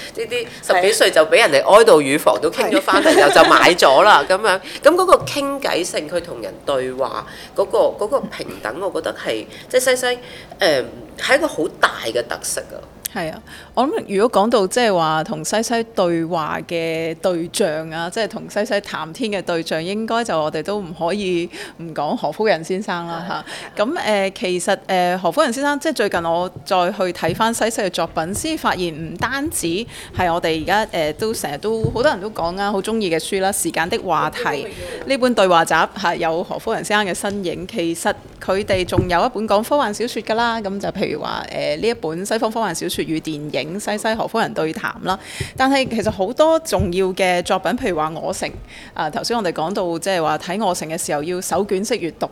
啲十幾歲就俾人哋哀悼乳房都傾咗翻，是然後就買咗啦咁樣。咁嗰個傾偈性，佢同人對話嗰、嗰個嗰個平等，我覺得係即係西西誒。係一個好大嘅特色啊！係啊，我諗如果講到即係話同西西對話嘅對象啊，即係同西西談天嘅對象，應該就我哋都唔可以唔講何福仁先生啦吓，咁誒的、啊嗯，其實誒、呃、何福仁先生即係最近我再去睇返西西嘅作品，先發現唔單止係我哋而家誒都成日都好多人都講啊，好中意嘅書啦，《時間的話題》呢本對話集嚇、啊、有何福仁先生嘅身影，其實。佢哋仲有一本講科幻小說噶啦，咁就譬如話誒呢一本《西方科幻小說與電影西西何福仁對談》啦。但係其實好多重要嘅作品，譬如話《我城》啊，頭先我哋講到即係話睇《我城》嘅，呃、時候要手卷式閱讀，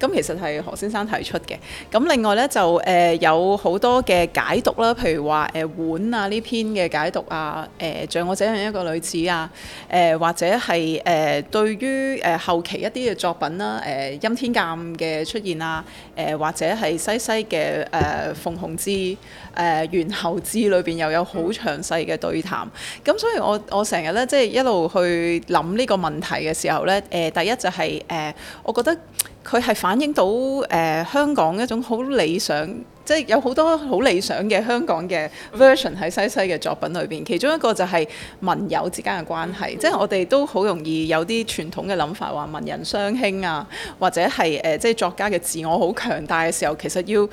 咁，嗯、其實係何先生提出嘅。咁，嗯、另外咧就誒、呃、有好多嘅解讀啦，譬如話誒、呃、《碗》啊呢篇嘅解讀啊，誒、呃、像我這樣一個女子啊，誒、呃、或者係誒、呃、對於誒、呃、後期一啲嘅作品啦，誒、呃、《欽天監》嘅出現。啊，誒、呃、或者係西西嘅誒《縫熊志》誒《猿猴志》裏邊又有好詳細嘅對談，咁所以我我成日咧，即係一路去諗呢個問題嘅時候咧，誒、呃、第一就係、是、誒、呃、我覺得佢係反映到誒、呃、香港一種好理想。即係有好多好理想嘅香港嘅 version 喺西西嘅作品裏邊，其中一個就係文友之間嘅關係。即係我哋都好容易有啲傳統嘅諗法，話文人相輕啊，或者係誒、呃、即係作家嘅自我好強大嘅時候，其實要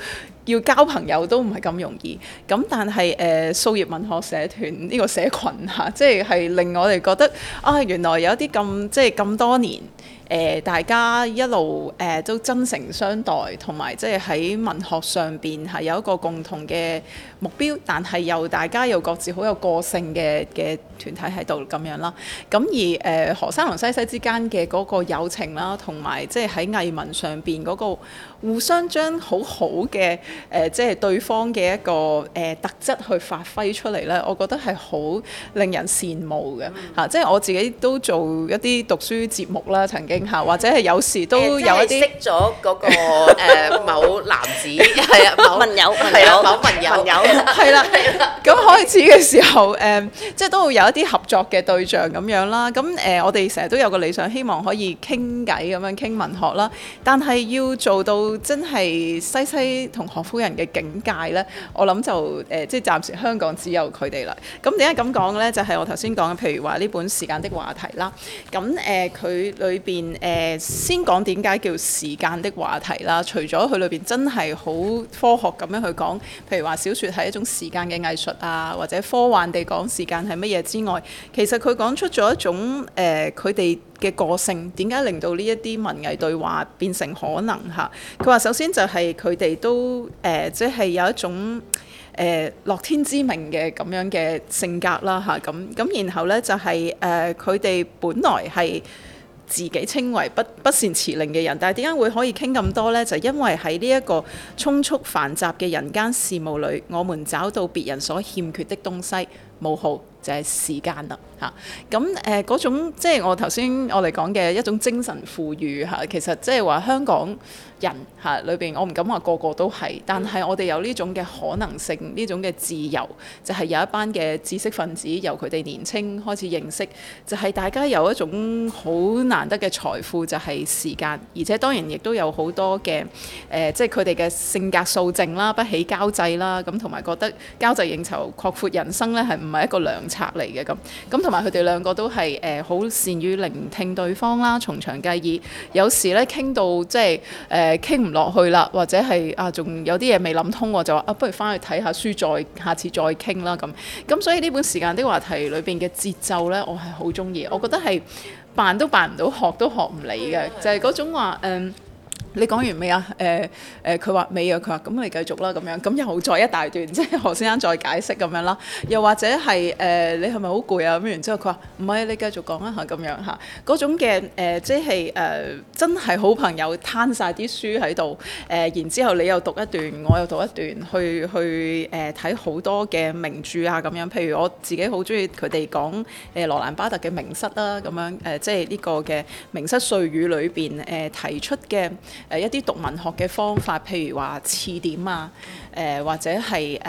要交朋友都唔係咁容易。咁但係誒素葉文學社團呢、呢個社群、啊，嚇，即係係令我哋覺得啊，原來有啲咁即係咁多年。誒、呃、大家一路誒、呃、都真誠相待，同埋即係喺文學上邊係有一個共同嘅目標，但係又大家又各自好有個性嘅嘅團體喺度咁樣啦。咁而誒、呃、何生同西西之間嘅嗰個友情啦，同埋即係喺藝文上邊嗰個互相將好好嘅誒即係對方嘅一個誒、呃、特質去發揮出嚟咧，我覺得係好令人羨慕嘅嚇。即、啊、係、就是、我自己都做一啲讀書節目啦，曾經。或者係有時都有一啲、嗯、識咗嗰、那個 、呃、某男子係啊， 某文友係啊， 某文友係啦。咁 開始嘅時候誒、呃，即係都會有一啲合作嘅對象咁樣啦。咁誒、呃，我哋成日都有個理想，希望可以傾偈咁樣傾文學啦。但係要做到真係西西同何夫人嘅境界呢，我諗就誒、呃，即係暫時香港只有佢哋啦。咁點解咁講呢？就係、是、我頭先講嘅，譬如話呢本《時間的話題》啦。咁、呃、誒，佢裏邊。誒、呃、先講點解叫時間的話題啦，除咗佢裏邊真係好科學咁樣去講，譬如話小説係一種時間嘅藝術啊，或者科幻地講時間係乜嘢之外，其實佢講出咗一種誒佢哋嘅個性，點解令到呢一啲文藝對話變成可能嚇。佢、啊、話首先就係佢哋都誒，即、呃、係、就是、有一種誒、呃、樂天知命嘅咁樣嘅性格啦嚇。咁、啊、咁、啊、然後呢，就係誒佢哋本來係。自己稱為不不善辭令嘅人，但係點解會可以傾咁多呢？就是、因為喺呢一個匆促繁雜嘅人間事務裏，我們找到別人所欠缺的東西。冇好，就係、是、時間啦吓，咁誒嗰種即係我頭先我哋講嘅一種精神富裕吓，其實即係話香港人吓、啊、裏邊我唔敢話個個都係，但係我哋有呢種嘅可能性，呢種嘅自由，就係、是、有一班嘅知識分子由佢哋年青開始認識就係、是、大家有一種好難得嘅財富，就係、是、時間，而且當然亦都有好多嘅誒、呃、即係佢哋嘅性格素靜啦、不喜交際啦，咁同埋覺得交際應酬擴闊人生咧係。唔。唔係一個良策嚟嘅咁，咁同埋佢哋兩個都係誒好善於聆聽對方啦，從長計議。有時咧傾到即係誒傾唔落去啦，或者係啊仲有啲嘢未諗通，就話啊不如翻去睇下書，再下次再傾啦咁。咁所以呢本時間啲話題裏邊嘅節奏咧，我係好中意。我覺得係扮都扮唔到，學都學唔嚟嘅，就係，是，嗰種話，誒。你講完未啊？誒、呃、誒，佢話未啊，佢話咁，你繼續啦，咁樣，咁又再一大段，即 係何先生再解釋咁樣啦。又或者係誒、呃，你係咪好攰啊？咁然之後，佢話唔係，你繼續講一下咁樣嚇。嗰種嘅誒、呃，即係誒、呃，真係好朋友攤晒啲書喺度誒，然之後你又讀一段，我又讀一段，去去誒睇好多嘅名著啊咁樣。譬如我自己好中意佢哋講誒羅蘭巴特嘅明室啦，咁樣誒、呃，即係呢個嘅明室碎語裏邊誒提出嘅。呃呃呃呃呃呃誒一啲讀文學嘅方法，譬如話詞典啊，誒或者係誒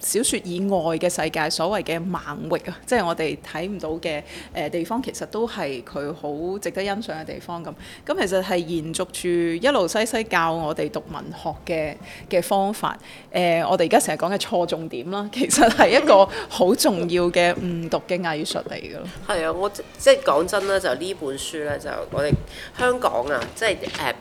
小説以外嘅世界，所謂嘅盲域啊，即係我哋睇唔到嘅誒地方，其實都係佢好值得欣賞嘅地方咁。咁其實係延續住一路西西教我哋讀文學嘅嘅方法。誒，我哋而家成日講嘅錯重點啦，其實係一個好重要嘅誤讀嘅藝術嚟嘅咯。係啊，我即係講真啦，就呢本書咧，就我哋香港啊，即係誒。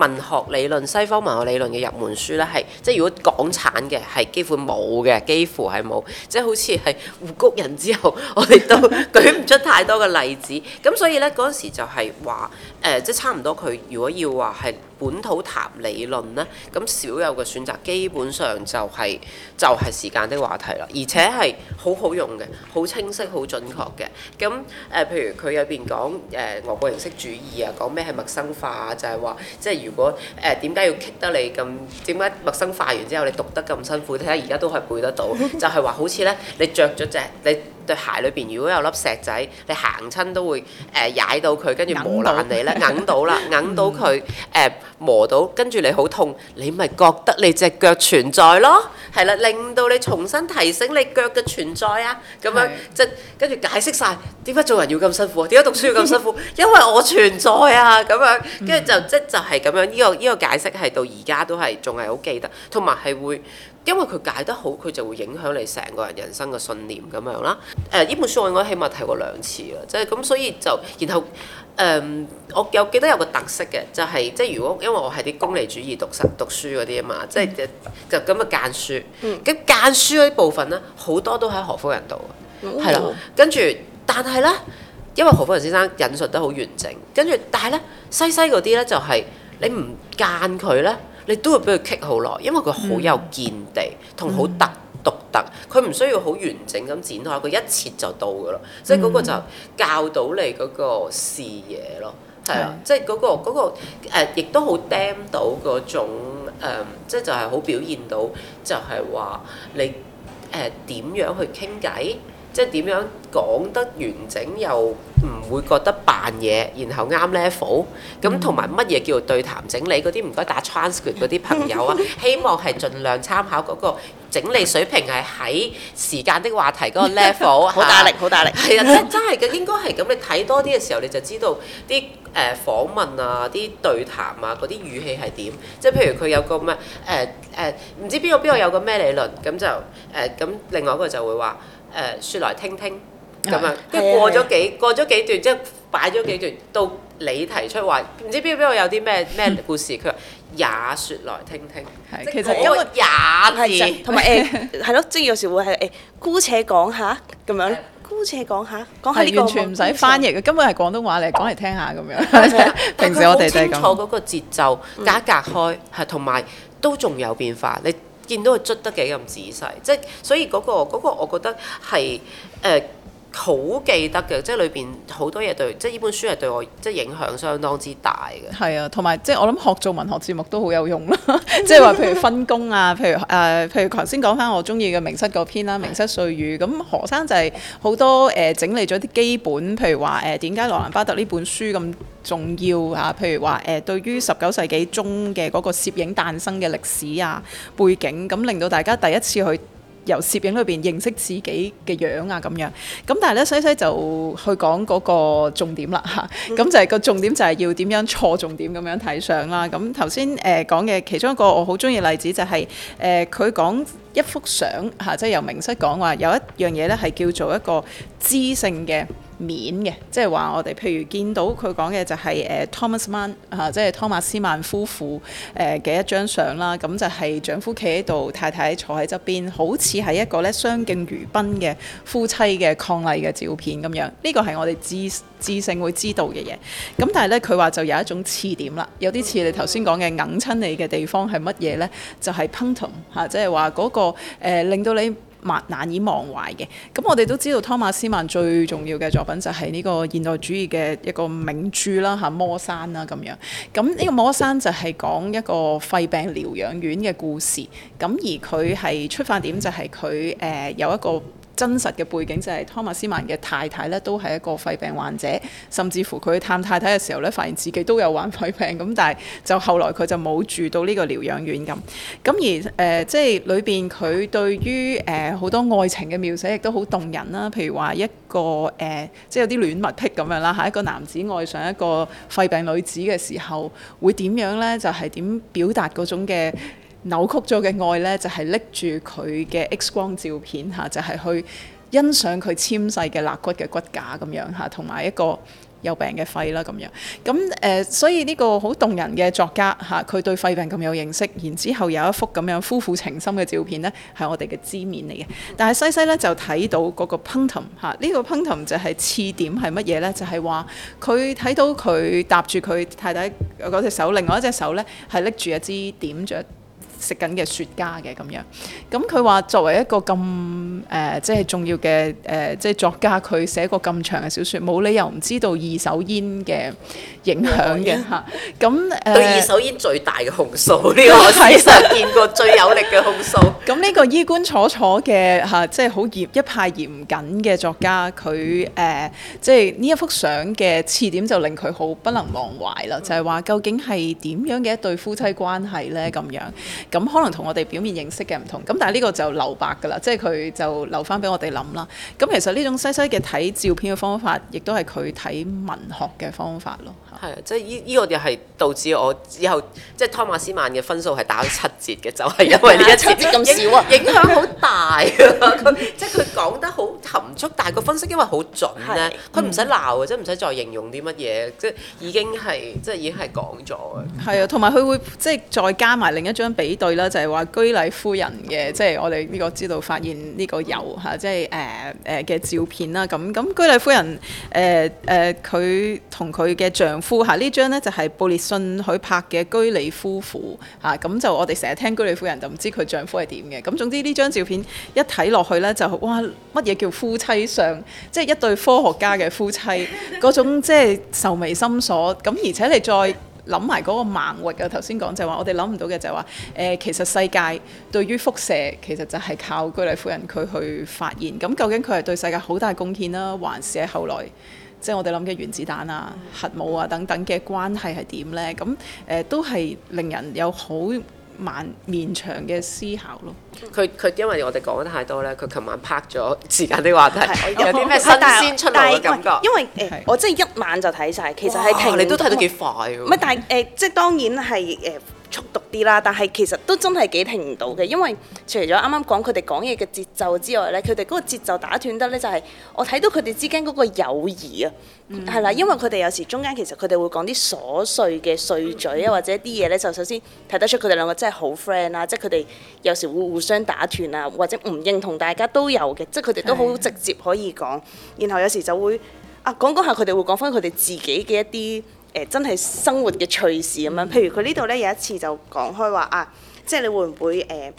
文學理論，西方文學理論嘅入門書呢，係即係如果港產嘅，係幾乎冇嘅，幾乎係冇，即係好似係胡菊人之後，我哋都舉唔出太多嘅例子。咁 所以呢，嗰陣時就係話，誒、呃，即係差唔多佢如果要話係。本土談理論呢，咁少有嘅選擇，基本上就係、是、就係、是、時間的話題啦，而且係好好用嘅，好清晰、好準確嘅。咁誒、呃，譬如佢入邊講誒俄國形式主義啊，講咩係陌生化啊，就係話即係如果誒點解要棘得你咁點解陌生化完之後你讀得咁辛苦？睇下而家都係背得到，就係、是、話好似呢，你着咗隻你。對鞋裏邊如果有粒石仔，你行親都會誒踩到佢，跟住磨爛你咧，揜到啦，揜到佢誒磨到，跟住你好痛，你咪覺得你隻腳存在咯，係啦，令到你重新提醒你腳嘅存在啊，咁樣即跟住解釋晒點解做人要咁辛苦啊，點解讀書要咁辛苦？因為我存在啊，咁樣跟住就即就係咁樣，呢個呢個解釋係到而家都係仲係好記得，同埋係會。因為佢解得好，佢就會影響你成個人人生嘅信念咁樣啦。誒、呃，呢本書我應該起碼睇過兩次啦，即係咁，所以就然後誒、呃，我有記得有個特色嘅，就係、是、即係如果因為我係啲功利主義讀實讀書嗰啲啊嘛，即係就是、就咁啊間書。嗯。咁間書嗰啲部分咧，好多都喺何夫人度啊，係啦、嗯。跟住，但係咧，因為何夫人先生引述得好完整，跟住，但係咧，西西嗰啲咧就係、是、你唔間佢咧。你都會俾佢棘好耐，因為佢好有見地，同好特獨特。佢唔、嗯、需要好完整咁展開，佢一切就到噶咯。嗯、即係嗰個就教到你嗰個視野咯，係、嗯、啊，是即係、嗰、嗰個嗰、嗰個、呃、亦都好釘到嗰種、呃、即係就係好表現到就，就係話你誒點樣去傾偈。即係點樣講得完整又唔會覺得扮嘢，然後啱 level 咁，同埋乜嘢叫做對談整理嗰啲唔該打 transcript 嗰啲朋友啊？ 希望係盡量參考嗰個整理水平係喺時間的話題嗰個 level。好大 力，好大力，其啊，其實真真係嘅，應該係咁。你睇多啲嘅時候，你就知道啲誒、呃、訪問啊、啲對談啊嗰啲語氣係點。即係譬如佢有個咩誒誒，唔、呃呃、知邊個邊個有個咩理論咁就誒咁，呃、另外一個就會話。誒，説來聽聽咁樣，跟住過咗幾過咗幾段，即係擺咗幾段，到你提出話，唔知邊個邊個有啲咩咩故事，佢話也説來聽聽。係，其實因為也字，同埋誒係咯，即係有時會係誒姑且講下咁樣。姑且講下，講下呢個。係完全唔使翻譯嘅，根本係廣東話嚟，講嚟聽下咁樣。平時我哋即係咁。清楚嗰個節奏，加隔開。係，同埋都仲有變化。你。見到佢捽得幾咁仔細，即係所以嗰個嗰個，那個，我覺得係誒。呃好記得嘅，即係裏邊好多嘢對，即係呢本書係對我即係影響相當之大嘅。係啊，同埋即係我諗學做文學節目都好有用啦。 即係話，譬如分工啊，譬如誒、呃，譬如頭先講返我鍾意嘅明室嗰篇啦，明室碎語。咁的何生就係好多誒、呃、整理咗啲基本，譬如話誒點解羅蘭巴特呢本書咁重要啊？譬如話誒、呃，對於十九世紀中嘅嗰個攝影誕生嘅歷史啊背景，咁令到大家第一次去。由攝影裏邊認識自己嘅樣啊，咁樣咁，但係咧西西就去講嗰個重點啦吓，咁、啊、就係個重點就係要點樣錯重點咁樣睇相啦。咁頭先誒講嘅其中一個我好中意嘅例子就係誒佢講一幅相吓、啊，即係由明室講話有一樣嘢咧係叫做一個知性嘅。面嘅，即係話我哋譬如見到佢講嘅就係、是、誒、uh, Thomas Mann、啊、即係湯馬斯曼夫婦誒嘅、啊、一張相啦。咁、啊嗯、就係、是、丈夫企喺度，太太坐喺側邊，好似係一個咧相敬如賓嘅夫妻嘅伉儷嘅照片咁樣。呢個係我哋知知性會知道嘅嘢。咁、啊、但係咧，佢話就有一種刺點啦，有啲似你頭先講嘅硬親你嘅地方係乜嘢咧？就係、是、punctum、um, 嚇、啊，即係話嗰個、呃、令到你難以忘懷嘅，咁我哋都知道托馬斯曼最重要嘅作品就係呢個現代主義嘅一個名著啦，嚇《魔山》啦咁樣。咁呢個《魔山》就係講一個肺病療養院嘅故事，咁而佢係出發點就係佢誒有一個。真實嘅背景就係湯瑪斯曼嘅太太咧，都係一個肺病患者，甚至乎佢探太太嘅時候咧，發現自己都有患肺病。咁但係就後來佢就冇住到呢個療養院咁。咁而誒、呃，即係裏邊佢對於誒好多愛情嘅描寫，亦都好動人啦。譬如話一個誒、呃，即係有啲戀物癖咁樣啦，喺一個男子愛上一個肺病女子嘅時候，會點樣呢？就係、是、點表達嗰種嘅？扭曲咗嘅愛呢，就係拎住佢嘅 X 光照片嚇、啊，就係、是、去欣賞佢纖細嘅肋骨嘅骨架咁樣嚇，同、啊、埋一個有病嘅肺啦咁樣。咁、啊、誒、啊，所以呢個好動人嘅作家嚇，佢、啊、對肺病咁有認識，然之後有一幅咁樣夫婦情深嘅照片呢，係我哋嘅知面嚟嘅。但係西西呢，就睇到嗰個 punctum、um, 嚇、啊，呢、這個 punctum、um、就係刺點係乜嘢呢？就係話佢睇到佢搭住佢太太嗰隻手，另外一隻手呢，係拎住一支點着。食緊嘅雪茄嘅咁樣，咁佢話作為一個咁誒、呃，即係重要嘅誒、呃，即係作家，佢寫過咁長嘅小説，冇理由唔知道二手煙嘅影響嘅嚇。咁對二手煙最大嘅控訴，呢 個我睇上見過最有力嘅控訴。咁呢個衣冠楚楚嘅嚇、啊，即係好嚴一派嚴謹嘅作家，佢誒、呃、即係呢一幅相嘅刺點就令佢好不能忘懷啦。就係、是、話究竟係點樣嘅一對夫妻關係咧？咁樣。咁可能同我哋表面認識嘅唔同，咁但係呢個就留白㗎啦，即係佢就留翻俾我哋諗啦。咁其實呢種西西嘅睇照片嘅方法，亦都係佢睇文學嘅方法咯。係啊，即係呢呢個又係導致我之後即係湯馬斯曼嘅分數係打咗七折嘅， 就係因為呢個七折咁少啊， 影響好大啊！ 即係佢講得好含蓄，但係個分析因為好準咧，佢唔使鬧即係唔使再形容啲乜嘢，即係已經係即係已經係講咗。係啊，同埋佢會即係再加埋另一張比。對啦，就係話居里夫人嘅，即係我哋呢個知道發現呢個有嚇，即係誒誒嘅照片啦。咁咁居里夫人誒誒，佢同佢嘅丈夫嚇呢張呢就係布列迅佢拍嘅居里夫婦嚇。咁就我哋成日聽居里夫人，就唔知佢丈夫係點嘅。咁總之呢張照片一睇落去呢，就哇乜嘢叫夫妻相？即係一對科學家嘅夫妻嗰種即係愁眉深鎖。咁而且你再。諗埋嗰個盲域啊，頭先講就係話、是，我哋諗唔到嘅就係話，誒其實世界對於輻射其實就係靠居里夫人佢去發現。咁究竟佢係對世界好大貢獻啦，還是喺後來即係、就是、我哋諗嘅原子彈啊、核武啊等等嘅關係係點呢？咁誒、呃、都係令人有好。慢綿長嘅思考咯。佢佢，嗯，因為我哋講得太多咧，佢琴晚拍咗時間啲話題。 有啲咩新鮮出嚟嘅感覺。因為誒，為呃、是我即係一晚就睇晒，其實係停。你都睇得幾快㗎？唔係，嗯，但係誒，呃，即係當然係誒。呃速讀啲啦，但係其實都真係幾聽唔到嘅，因為除咗啱啱講佢哋講嘢嘅節奏之外呢，佢哋嗰個節奏打斷得呢，就係、是、我睇到佢哋之間嗰個友誼啊，係啦、mm hmm.，因為佢哋有時中間其實佢哋會講啲瑣碎嘅碎嘴啊，或者啲嘢呢，就首先睇得出佢哋兩個真係好 friend 啊，即係佢哋有時會互相打斷啊，或者唔認同，大家都有嘅，即係佢哋都好直接可以講，然後有時就會啊講講下，佢哋會講返佢哋自己嘅一啲。誒、欸、真係生活嘅趣事咁樣，譬如佢呢度咧有一次就講開話啊，即係你會唔會誒誒、欸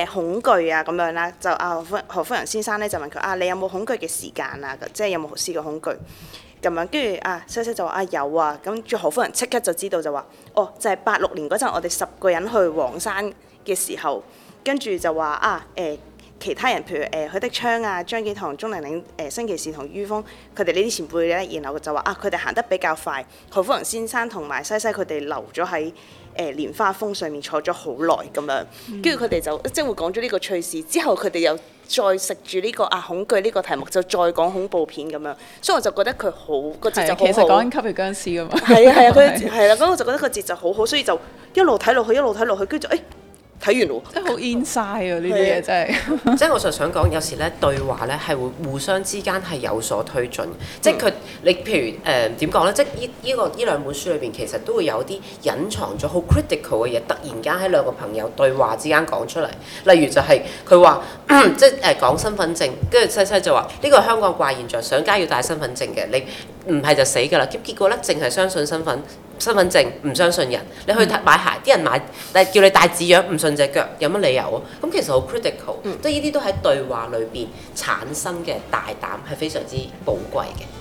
欸、恐懼啊咁樣啦？就啊何何福仁先生咧就問佢啊，你有冇恐懼嘅時間啊？即係有冇試過恐懼咁樣？跟住啊，西西就話啊有啊，咁仲何福仁即刻就知道就話，哦就係八六年嗰陣我哋十個人去黃山嘅時候，跟住就話啊誒。欸其他人譬如誒許德昌啊、張紀堂、鍾玲玲誒、新奇善同於峰，佢哋呢啲前輩咧，然後就話啊，佢哋行得比較快，何福仁先生同埋西西佢哋留咗喺誒蓮花峰上面坐咗好耐咁樣，跟住佢哋就即係會講咗呢個趣事，之後佢哋又再食住呢個啊恐懼呢個題目，就再講恐怖片咁樣，所以我就覺得佢好個節就其實講緊吸血僵屍噶嘛。係啊係啊，佢係啦，咁我就覺得個節就好好，所以就一路睇落去一路睇落去，跟住誒。睇完喎，真係好 insight 啊！呢啲嘢真係，即係、嗯、 我就想講，有時咧對話咧係會互相之間係有所推進，即係佢你譬如誒點講咧？即係呢呢個呢兩本書裏邊，其實都會有啲隱藏咗好 critical 嘅嘢，突然間喺兩個朋友對話之間講出嚟。例如就係佢話，即係誒、呃、講身份證，跟住西西就話呢個香港怪現象，上街要帶身份證嘅，你唔係就死㗎啦。結結果咧，淨係相信身份。身份證唔相信人，你去睇買鞋啲人買，但叫你帶紙樣唔信隻腳，有乜理由啊？咁其實好 critical，即係呢、嗯、啲都喺對話裏邊產生嘅大膽係非常之寶貴嘅。